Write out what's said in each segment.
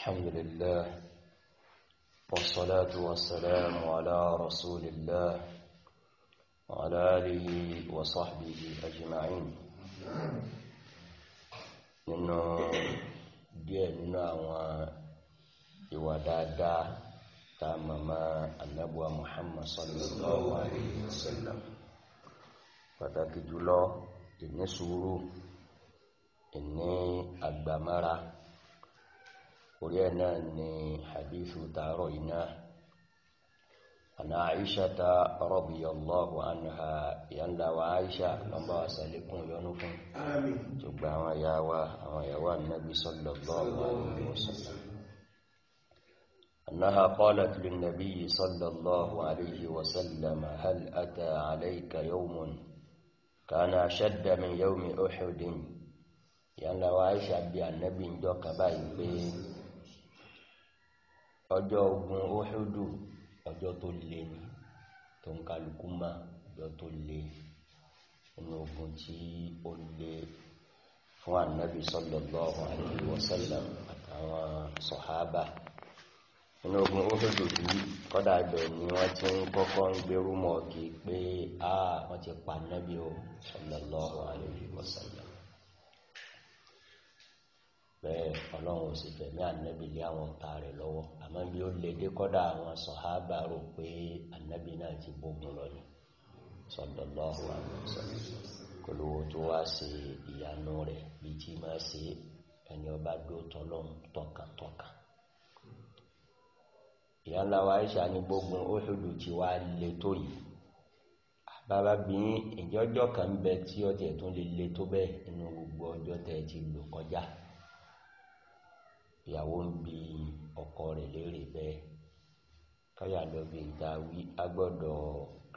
الحمد لله والصلاة والسلام على رسول الله وعلى آله وصحبه أجمعين nínú díẹ̀ nínú àwọn ìwà dáadáa tá a mọ̀mọ́ anábùwà Muhammad sallallahu alayhi wa sallam pàtàkì jùlọ ìní sùúrù ìní àgbàmára ولينا ني حديث تعرينا أن عائشة رضي الله عنها يندى وعائشة لما سألكم يونكم آمين جبا وياوى وياوى النبي صلى الله عليه وسلم أنها قالت للنبي صلى الله عليه وسلم هل أتى عليك يوم كان أشد من يوم أحد يندى وعائشة بأن النبي جوك بأي بي ọjọ́ ogun Uhudu ọjọ́ tó le ni tó ń kálukú mọ̀ ọjọ́ tó le inú ogun tí ó le fún Ànábì sallallahu alaihi wasallam àtàwọn sọ̀hábà inú ogun Uhudu yìí kọ́dà ibẹ̀ ni wọ́n ti ń kọ́kọ́ ń gbérú mọ́ kí pé a wọ́n ti pa Ànábì o sallallahu pé ọlọ́run ò sì fẹ̀mí ànábì lé àwọn ọ̀tá rẹ̀ lọ́wọ́ àmọ́ bí ó lè dé kọ́dà àwọn sọ̀hábà rò pé ànábì náà ti bógun lọ ni sallallahu alaihi wasallam kólówó tó wá ṣe ìyanu rẹ̀ bí tí máa ṣe ẹni ọba tọkàntọkàn wa Aisha ní tí wàá tó yìí bàbá bí ìjọjọ́ kan bẹ tí ọtí tún lè le tó bẹ́ẹ̀ gbogbo ìyàwó ń bi ọkọ rẹ̀ léèrè bẹ Káyà lọ bí n ta wí, a gbọdọ̀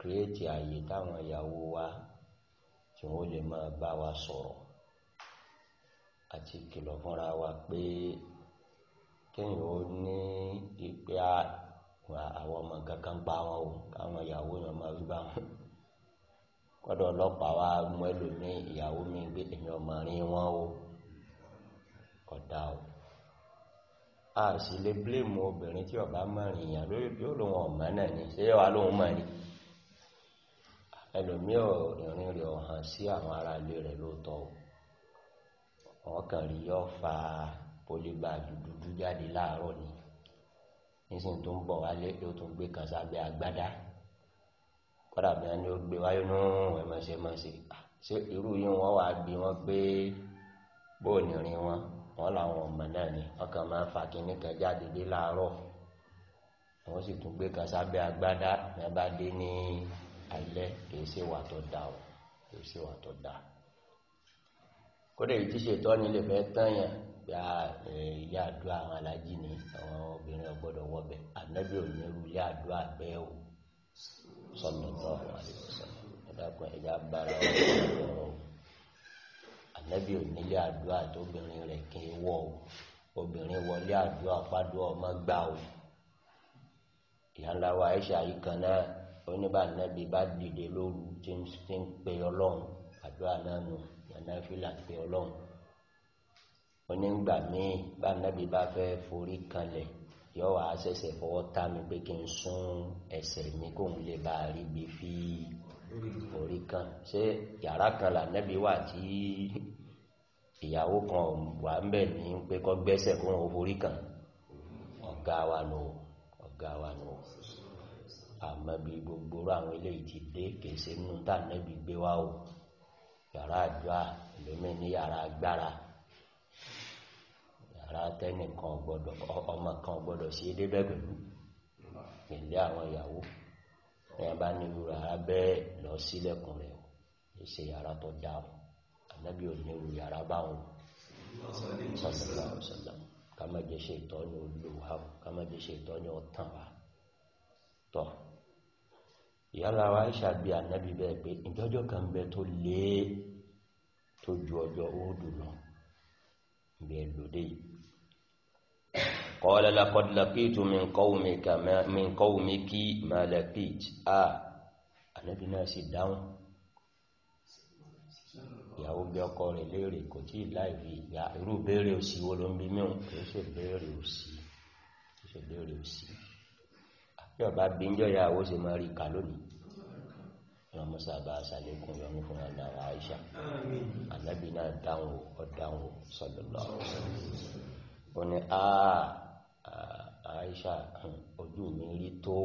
ààyè táwọn ìyàwó wa tí wọ́n lè máa bá wa sọrọ àti kìlọ̀ fúnra wa pé kí ó ní ìpé àwọn ọmọ pa wọn o, káwọn ìyàwó máa bá wọn. mú ẹlòmíì, a sì lè blame obìnrin tí ọba mọ̀rìn èèyàn yóò lòun ọ̀mọ́ náà ni ṣé wàá lòun mọ̀ ni ẹlòmíì ìrìn rẹ̀ ọ̀hàn sí àwọn ará ilé rẹ̀ lóòótọ́ o wọ́n kàn rí yọ fa polybag dúdú jáde láàárọ̀ ni nísìnyí tó ń bọ̀ wálé ló tún gbé kan sábẹ́ agbádá kọ́dà bí wọ́n ní ó gbé wáyé nù ẹ̀mọ́sẹ̀mọ́sẹ̀ ṣé irú yìí wọ́n wàá bí wọ́n pé bóònì rìn wọn wọn làwọn ọmọ náà ni ọkàn máa ń fa kínní kan jáde dé láàárọ̀ wọn sì tún gbé kan sábẹ́ agbádá ní bá dé ní alẹ́ kìí ṣe wà tó da o kìí ṣe wà tó da kódà èyí tí ṣètọ́ ni lè fẹ́ tẹ̀yàn gba ilé àdúrà àwọn alájí ni àwọn obìnrin ọgbọ́dọ̀ wọbẹ̀ ànábì ò ilé àdúrà bẹ́ẹ̀ o sọlọ náà wà lè sọ ẹ dákun ẹ já bára ànábì onílé àdúrà tóbìnrin rẹ̀ kì í wọ̀ o obìnrin wọlé àdúrà pàdúrà ọmọ gbà o ìyá ńlá wa Aisha yìí kan náà oníbà ànábì bá dìde lóru tí ń pe ọlọ́run àdúrà náà nù yàrá fìlà pe ọlọ́run onígbà míì bá ànábì bá fẹ́ forí kanlẹ̀ yọ wàá ṣẹ̀ṣẹ̀ fọwọ́ tá mi pé kí n sún ẹsẹ̀ mi kóun lè bá a rí ibi fíì orí kan ṣé yàrá kan là nẹ́bí wà tí ìyàwó kan wà ń bẹ̀ ní pé kọ́ gbẹ́sẹ̀ kó wọn forí kan ọ̀gá wa nù ọ̀gá wa nù àmọ́ bí gbogbo àwọn eléyìí ti dé kìí ṣe nínú tá nẹ́bí gbé wá o yàrá àdúrà lómi ní yàrá agbára yàrá tẹ́nìkan gbọ́dọ̀ ọmọ kan gbọ́dọ̀ sí débẹ̀ pẹ̀lú pẹ̀lú àwọn ìyàwó. èèyàn bá nílùú rẹ̀ á bẹ́ẹ̀ lọ sílẹ̀kùn rẹ̀ ó ṣe yàrá tó o ànábì ò nílùú yàrá báwọn sọ́sọ́lá ọ̀sọ́lá ṣe ìtọ́ ní olùwà ká má jẹ́ ṣe ìtọ́ ní ọ̀tàn wa tọ́ ìyára wa Aisha bí ànábì bẹ́ẹ̀ pé ìjọ́jọ́ kan bẹ tó lé tó ju ọjọ́ òòdù lọ bẹ́ẹ̀ lòdè yìí qala laqad laqitu min qawmika min qawmiki ma laqit a ànábì náà sì dáhùn ìyàwó bí ọkọ rẹ̀ léèrè kò tí ì láìrí ìyá irú béèrè òsì wo ló ń bí mìíràn kò ṣe béèrè òsì kò ṣe béèrè òsì àbí ọba bíjọ ìyàwó ṣe máa rí ìka lónìí wọn mọ sábà ṣàlékún yọmí fún aláwa Aisha ànábì náà dáhùn ó dáhùn ó ní aaa. Aisha ojú mi rí tó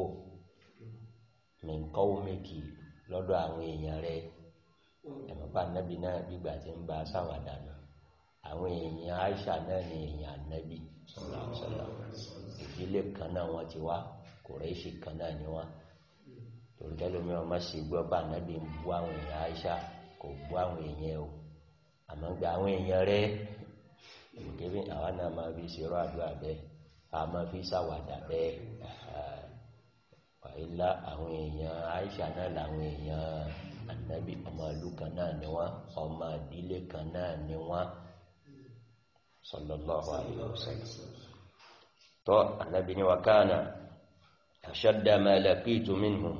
min qawmiki lọ́dọ̀ àwọn èèyàn rẹ. Ẹ̀mọ̀ pe ànábì náà bí ìgbà tí ń bá ṣàwàdà nu. Àwọn èèyàn Aisha náà ni èèyàn ànábì sallallahu alaihi wasallam. Ìdílé kan náà wọ́n ti wá, Quraishi kan náà ni wọ́n. Torí kẹ́lòmíì ọ gbọ́ pe ànábì ń bú àwọn èèyàn Aisha, kò bú àwọn èèyàn ẹ o. Àmọ́ pe àwọn èèyàn rẹ, àwa náà máa fi ṣe iru àdúrà bẹ́ẹ̀ àmọ́ fi ṣàwàdà bẹ́ẹ̀ wàhálà àwọn èèyàn Aisha náà làwọn èèyàn ànábì ọmọ ìlú kan náà ni wọ́n ọmọ ìdílé kan náà ni wọ́n sallallahu alayhi wa sallam tó ànábì ni wàkánà ashadda ma laqitu minhum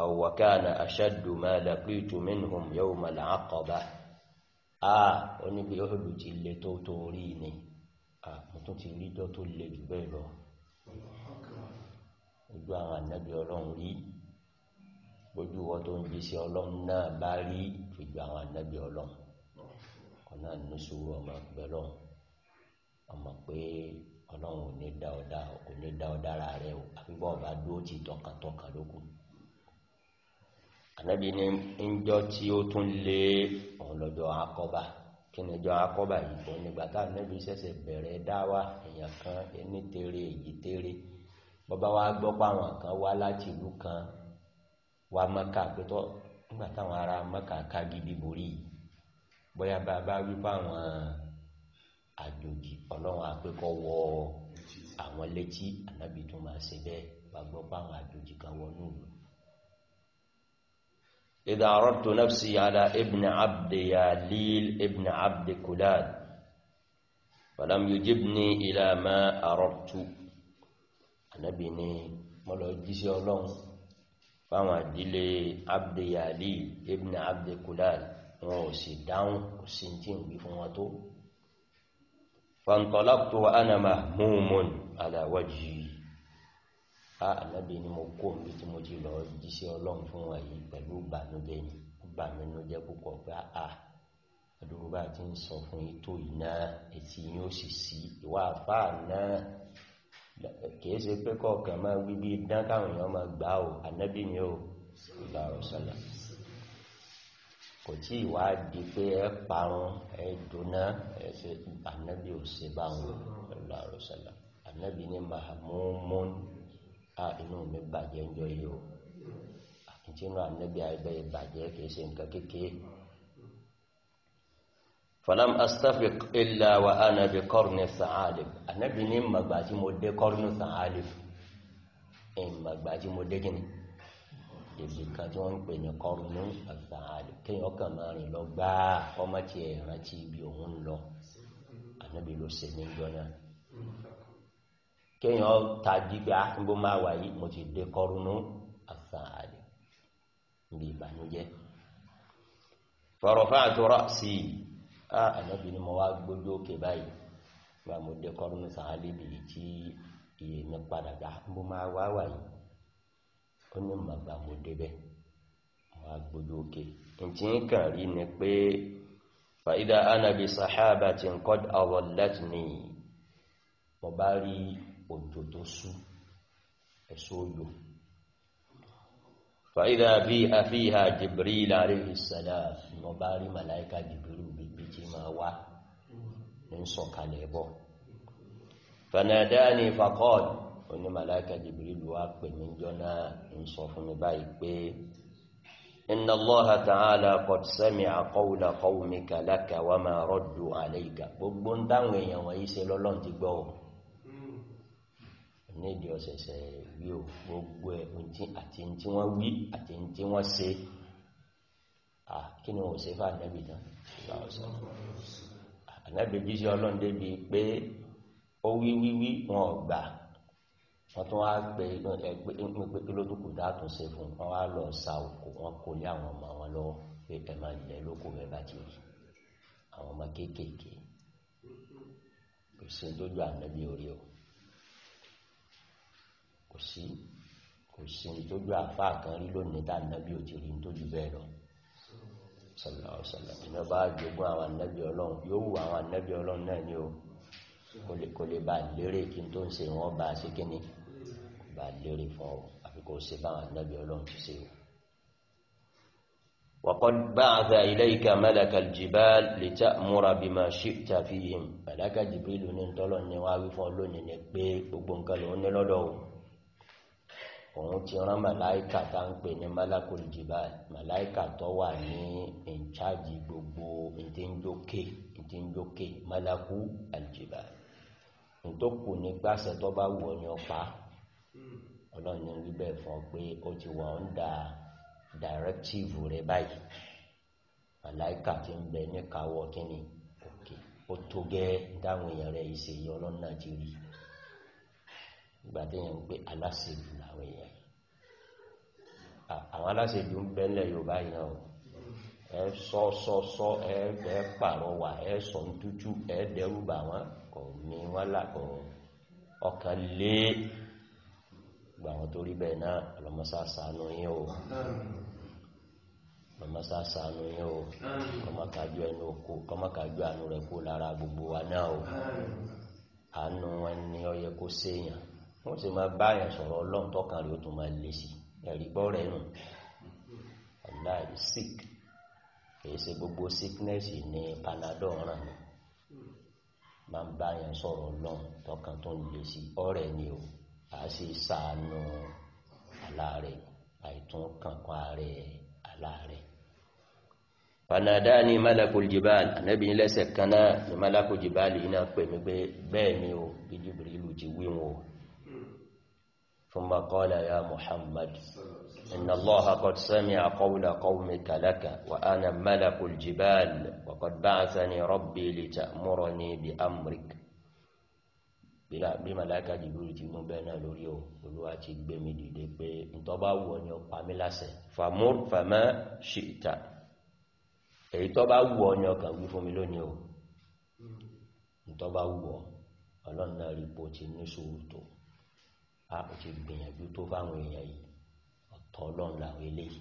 aw wakana ashaddu ma laqitu minhum yawma al-aqaba a oníbi yóò lù ti le tó torí ni mo tún ti rí dọ́ tó le jù bẹ́ẹ̀ lọ ojú àwọn ànábì ọlọ́run rí bójú wọ́n tó ń jíṣẹ́ ọlọ́run náà bá rí ojú àwọn ànábì ọlọ́run ọ̀nà ìnúṣòro ọmọ ẹgbẹ́ ọlọ́run ọmọ pé ọlọ́run ò ní dá ọ̀dá ò ní dá ọ̀dá ara rẹ o àbíbọ̀ ọba dúró ti tọkàntọkàn lókun ànábì ní ń jọ tí ó tún lé òun lọ́jọ́ akọ́bà kìnìjọ akọ́bà yìí òun nígbà tá ànábì ṣẹ̀ṣẹ̀ bẹ̀rẹ̀ dáwà èèyàn kan ẹni tèrè èyí tèrè bọ́bá wa gbọ́ páwọn kan wá láti ìlú kan wá mọ́kà pétọ́ nígbà táwọn ará mọ́kà ká gidi borí yìí bóyá bàbá wí fáwọn àjòjì ọlọ́run àpékọ́ wọ àwọn létí ànábì tó máa ṣe bẹ́ẹ̀ wá àjòjì kan wọnú ìlú إذا عرضت نفسي على ابن عبد ياليل ابن عبد كلاد فلم يجبني إلى ما أردت النبي ني ملو جيسي أولون فما ديلي عبد ياليل ابن عبد كلاد وسي داون وسنتين بفواتو فانطلقت وأنا مهموم على وجهي a ànábì ni mo kó omi tí mo ti lọ jíṣẹ́ ọlọ́run fún wọn yìí pẹ̀lú ìbànújẹ́ ni ìbànújẹ́ púpọ̀ pé a àdúgbò bá ti ń sọ fún yín tó yìí náà etí yín ó sì sí ìwà àfáà náà kìí ṣe pé kọ̀ọ̀kan máa wí bí dán káwọn èèyàn máa gbà ó ànábì ni ó gbà ó sọlá kò tí ìwà di pé ẹ parun ẹ dùnà ẹ ṣe ànábì ò ṣe báwọn ọlọ́run sọlá ànábì ni mahamudu aɗino me bajee joyo akincino annabi ay ɓaye bajee ke sen ka keke falam astafik illa wa ana bi corne sahalif annabi e ni magbati mo de corne sahalif e magbati mo de kene jesi kati on kpene corne sahalif ke yo kamari lo gbaa omatie rati bi ohun lo annabi lo senin jonani kéèyàn tají pé àtúbọ ah, máa wà yìí mo ti dé kọrùnú àfààní níbi ìbànújẹ́ fọrọfà àtúrọ sí i a ah, ànábì ni mo wá gbójú òkè báyìí gba mo dé kọrùnú sàálì bìí tí iye mi padà gbà mo ah, máa wá wà yìí ó ní màgbà mo débẹ̀ mo wá gbójú òkè ntí ń kàn rí ni pé fàídà anabi sàhábà ti ń kọ́ àwọ̀lẹ́tì ni mo bá rí i òjò tó sú ẹ̀sọ́ òjò fàídà bí a fi ha Jibril alayhi salam mọ̀ bá rí màláíkà Jibril bíbí tí máa wá ní sọ̀kalẹ̀ bọ̀ fanadani faqad oní màláíkà Jibril wá pè mí jọ́nà ń sọ fún mi báyìí pé inna Allaha ta'ala qad sami'a qawla qawmika laka wa ma raddu alayka gbogbo ń dáhùn èèyàn wọ̀nyí ṣe lọ́lọ́run ti gbọ́ nídìí ọ̀sẹ̀sẹ̀ wí o gbogbo ẹ̀ àti ní tí wọ́n wí àti ní tí wọ́n ṣe à kí ni wọ́n ṣe fún ànábì náà ànábì bí ṣe ọlọ́run débi pé ó wí wíwí wọn ò gbà wọ́n tún wá pé ẹgbẹ́ pé lódùkú dáàtún ṣe fún wọn wá lọ sa òkú wọn kò lé àwọn ọmọ wọn lọ́wọ́ pé ẹ máa lẹ lóko rẹ bá ti rí àwọn ọmọ kéékèèké kò sí dójú ànábì orí o kò sí kò sí nítorí àfáà kan rí lónìí tá ànábì ò ti rí nítorí bẹ́ẹ̀ lọ sọlá ọsọlá ìná bá jogún àwọn ànábì ọlọ́run yóò wù àwọn ànábì ọlọ́run náà ni o kò lè bá lérè kí n tó ń ṣe wọn bá ṣe kí kò bá lérè fún ọ àfi kò ṣe báwọn ànábì ọlọ́run ti ṣe o. وقد بعث إليك ملك الجبال لتأمر بما شئت فيهم ملك جبريل ní tọ́lọ́ ni wá wí fún ọ lónìí ni pé gbogbo nǹkan lòun ní lọ́dọ̀ o òun ti rán màláìkà tá ń pè ní málákòlìjìbá màláìkà tó wà ní in charge gbogbo ìdíńdókè ìdíńdókè málákù àlìjìbá nítòkù ní gbàṣẹ tó bá wù ọ ní ọpa ọlọ́run ní wí bẹ́ẹ̀ fún pé ó ti wà ń da directive rẹ báyìí màláìkà ti ń bẹ ní káwọ́ kínní òkè ó tó gẹ́ dáhùn èèyàn ìṣèyí ọlọ́run ti rí i ìgbà tí yẹn ń pé aláṣejù làwọn èèyàn àwọn aláṣejù ń bẹ́lẹ̀ yorùbá yìí náà ẹ sọ sọ sọ ẹ ẹ pàrọwà ẹ sọ ń tútù ẹ dẹrù bà wọn kò ní wọn làkọ ọkàn lé gbà wọn torí bẹ́ẹ̀ náà ọlọmọsá sànú yín o ọlọmọsá sànú yín o kọmọkàjú ẹnu oko kọmọkàjú àánú rẹ kó lára gbogbo wa náà o àánú wọn ni kó séèyàn wọ́n sì máa bá àyàn sọ̀rọ̀ ọlọ́run tọ́kàn rẹ̀ ó tún máa lè sí ẹ̀rí gbọ́ rẹ̀ nù aláì sick kìí ṣe gbogbo sickness ní panadol ràn ní máa ń bá àyàn sọ̀rọ̀ ọlọ́run tọ́kàn tó ń lè sí ọ̀rẹ́ ni o a sì sàánú aláàrẹ̀ àìtún kankan ààrẹ aláàrẹ̀ fanadani malakul jibal anabi lẹsẹ kan náà ni malakul jibal yìí náà pè mí pé bẹ́ẹ̀ ni o bí Jibrilu ti wí wọn o ثم قال يا محمد إن الله قد سمع قول قومك لك وأنا ملك الجبال وقد بعثني ربي لتأمرني بأمرك bila bí màláíkà Jibril ti mú bẹ́ẹ̀ náà lórí o olúwa ti gbé mi dìde pé ntọ́ bá wù ọ́ ni ó pa mí láṣẹ famur fama ṣìta èyí tọ́ bá wù ọ́ ni ọkàn wí fún mi lónìí o ntọ́ bá wù ọ́ ọlọ́run náà rí ipò tí ní sùúrù tó a ó ti gbìyànjú tó fáwọn èèyàn yìí ọ̀tọ̀ ọlọ́run làwọn eléyìí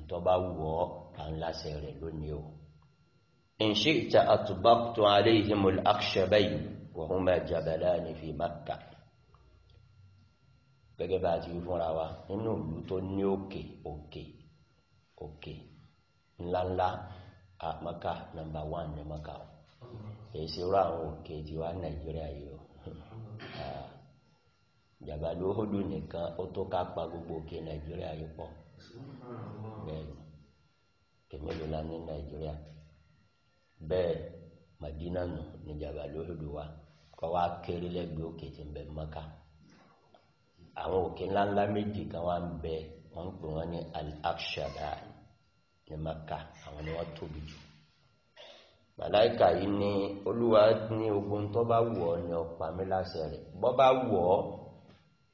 ntọ́ bá wù ọ́ à ń láṣẹ rẹ̀ lónìí o. in shi'ta atbaqtu alayhimul akhshabayn wa huma jabalani fi Makka gẹ́gẹ́ bá a ti fúnra wa nínú ìlú tó ní òkè òkè òkè ńláńlá àmọ́ká nọmba wán ní mọ́ká o èsì rú àwọn òkè tiwa Nàìjíríà yìí o. jàbálú hódù nìkan ó tó ká pa gbogbo òkè nàìjíríà yìí pọ̀ bẹ́ẹ̀ kèmélòó la ní nàìjíríà bẹ́ẹ̀ madina nù ní jàbálú wa kọ́ wa kéré lẹ́gbẹ̀ẹ́ òkè tí ń bẹ mọ́ká àwọn òkè ńláńlá méjì kan wá ń bẹ wọ́n ń pè ní ní maka àwọn ni wọ́n tóbi jù màláìka yìí ní olúwa ní ogun tó bá wù ní bọ́ bá wù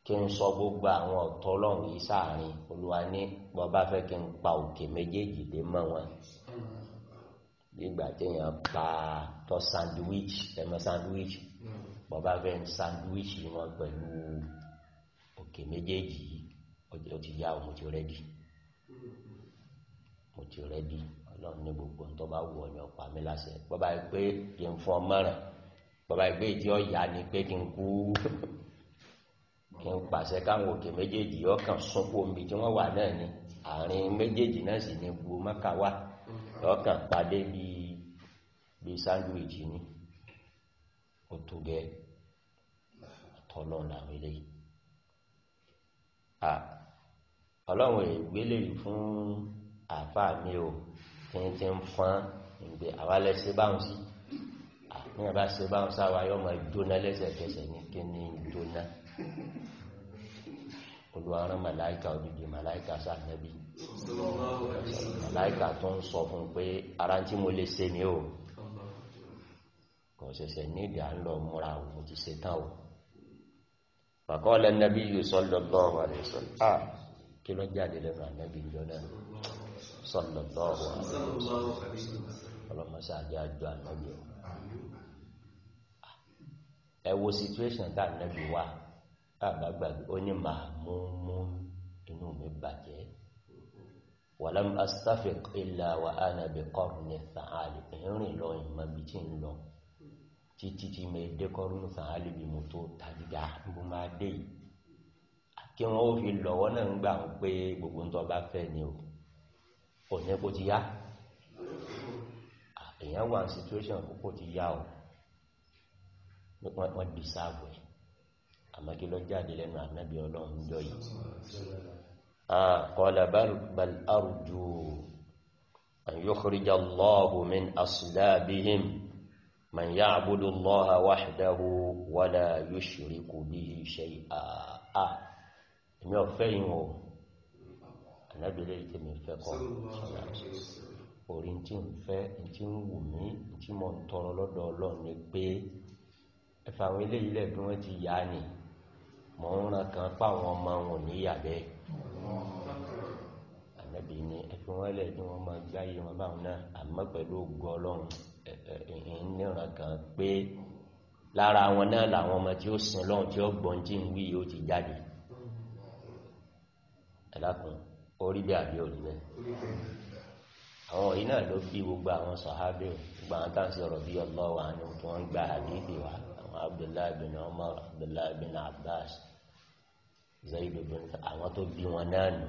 kí n sọ gbogbo àwọn ọ̀tọ̀ ọlọ́run yìí sáàrin olúwa ní bọ́bá fẹ́ kí n pa òkè méjèèjì dé mọ́ wọn nígbà téèyàn pa tọ́ sandwich ẹ̀mọ́ sandwich hmm. bọ́bá fẹ́ sandwich wọn pẹ̀lú òkè méjèèjì yìí ó ti yá mo ti rẹ́dì mo ti rẹ́dì ọlọ́run ní gbogbo nítorí bá wù ọ́ ní ọ̀pá mi láṣẹ bọ́bá yìí pé kí n fún ọ mọ́ràn bọ́bá yìí pé ìdí ọ̀yà ni pé kí n kú. kí n pàṣẹ káwọn òkè méjèèjì ọkàn sọ́kò omi tí wọ́n wà náà ni àárín méjèèjì náà sì ní gbogbo mọ́kà wà ọkàn pàdé bíi bíi sáńdwìjì ni ó tó gẹ tọ́lọ́ làwọn eléyìí ọlọ́run ìgbélé yìí fún àfáà mi o tí ń ti ń fán ìgbé àwálẹ̀ sí báhùn sí àfihàn bá sí báhùn sáwà yọ́ ìdóná lẹ́sẹ̀kẹsẹ̀ ní kí ní ìdóná olùwàrán màláìkà odidi màláìkà sànẹ́bí màláìkà tó ń sọ fún pé ara tí mo lè ṣe ní o kò ṣẹ̀ṣẹ̀ nídìí à ń lọ múra o mo ti ṣe tán o fàkọ́ọ̀lẹ̀ nẹ́bí yìí sallallahu alaihi wasallam à kí ló jáde lẹ́nu ànẹ́bí ìjọ náà sallallahu alaihi wasallam ọlọ́mọṣẹ́ àjọ àjọ ànẹ́bí ẹ wo situation tá ànẹ́bí wà tàbá gbàgbé ó ní màmúmú inú mi bàjẹ́ wàlám astafiq illa wa ana bi qarni sàálì ìrìn lọ ìmọ̀ bí tí ń lọ títí tí mi dé qarni sàálì bí mo tó tàbíjà bó máa dé kí wọ́n ó fi lọ́wọ́ náà ń gbà ń pé gbogbo ń tọ́ bá fẹ́ ni o kò ní kó ti yá èèyàn wà ní situation kó kó ti yá o wọ́n dìsáàbù ẹ̀ àmọ́ kí ló jáde lẹ́nu ànábì ọlọ́run jọ yìí qala bal arju an yukhrija Allahu min aslabihim man ya'budu Allaha wahdahu wa la yushriku bihi shay'a à èmi ọ̀fẹ́ yìí wọ̀ ànábì lẹ́yìn tí mi fẹ́ kọ́ orí tí ń fẹ́ tí ń wù mí tí mo ń tọrọ lọ́dọ̀ ọlọ́run ni pé ẹ̀fà àwọn eléyìí lẹ́gbẹ̀ẹ́ wọn ti yá ni mọ̀ ń ran kan fáwọn ọmọ wọn ní ìyàbẹ́ ànábì ni ẹfi wọn lẹ kí wọn máa gbáyé wọn báwọn náà àmọ́ pẹ̀lú ògùn ọlọ́run ẹ̀ẹ́n níran kan pé lára wọn náà làwọn ọmọ tí ó sin lọ́run tí ó gbọ́n tí ń wí yìí ó ti jáde ẹ̀dákun orí bẹ́ẹ̀ àbí òrí bẹ́ẹ̀ àwọn yìí náà ló fi gbogbo àwọn sàhábẹ́ gbogbo àwọn bí ọlọ́wà ni wọ́n gbà àdéhìí wa abdullahi bin Omar, abdullahi bin abbas zayidu bin àwọn tó bí wọn náà nù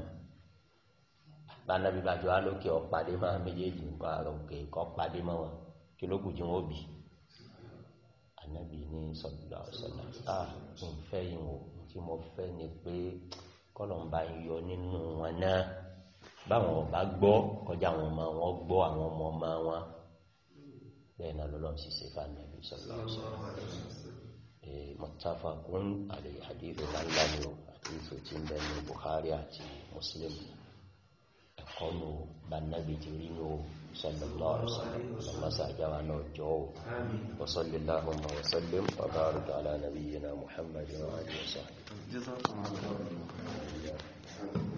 bánabi bàjọ́ alókè ọ̀pàdé máa méjèèjì nǹkan àrò òkè kọ́ pàdé mọ́ wọn kí ló kù jí wọn ó bì ànábì ní sọ̀dọ̀ sọ̀dọ̀ à ah, ń fẹ́ yìí wò tí mo fẹ́ ni pé kọ́lọ̀mbà ń yọ nínú wọn náà báwọn ọba gbọ́ kọjá àwọn ọmọ wọn gbọ́ àwọn ọmọ ọmọ wọn bẹ́ẹ̀ náà lọ́lọ́run sì ṣe fáànà ẹbí sọ́lọ́ muttafaqun alayhi hadith ńlá ni ó hadith tí ń bẹ ní Bukhari àti Muslim ẹ̀kọ́ ló bá nábì ti rí ní o sallallahu alaihi wasallam lọ́sà àjáwá náà jọ o wa sallallahu alaihi wa sallam wa baraka ala nabiyyina Muhammadin wa alihi wa sahbihi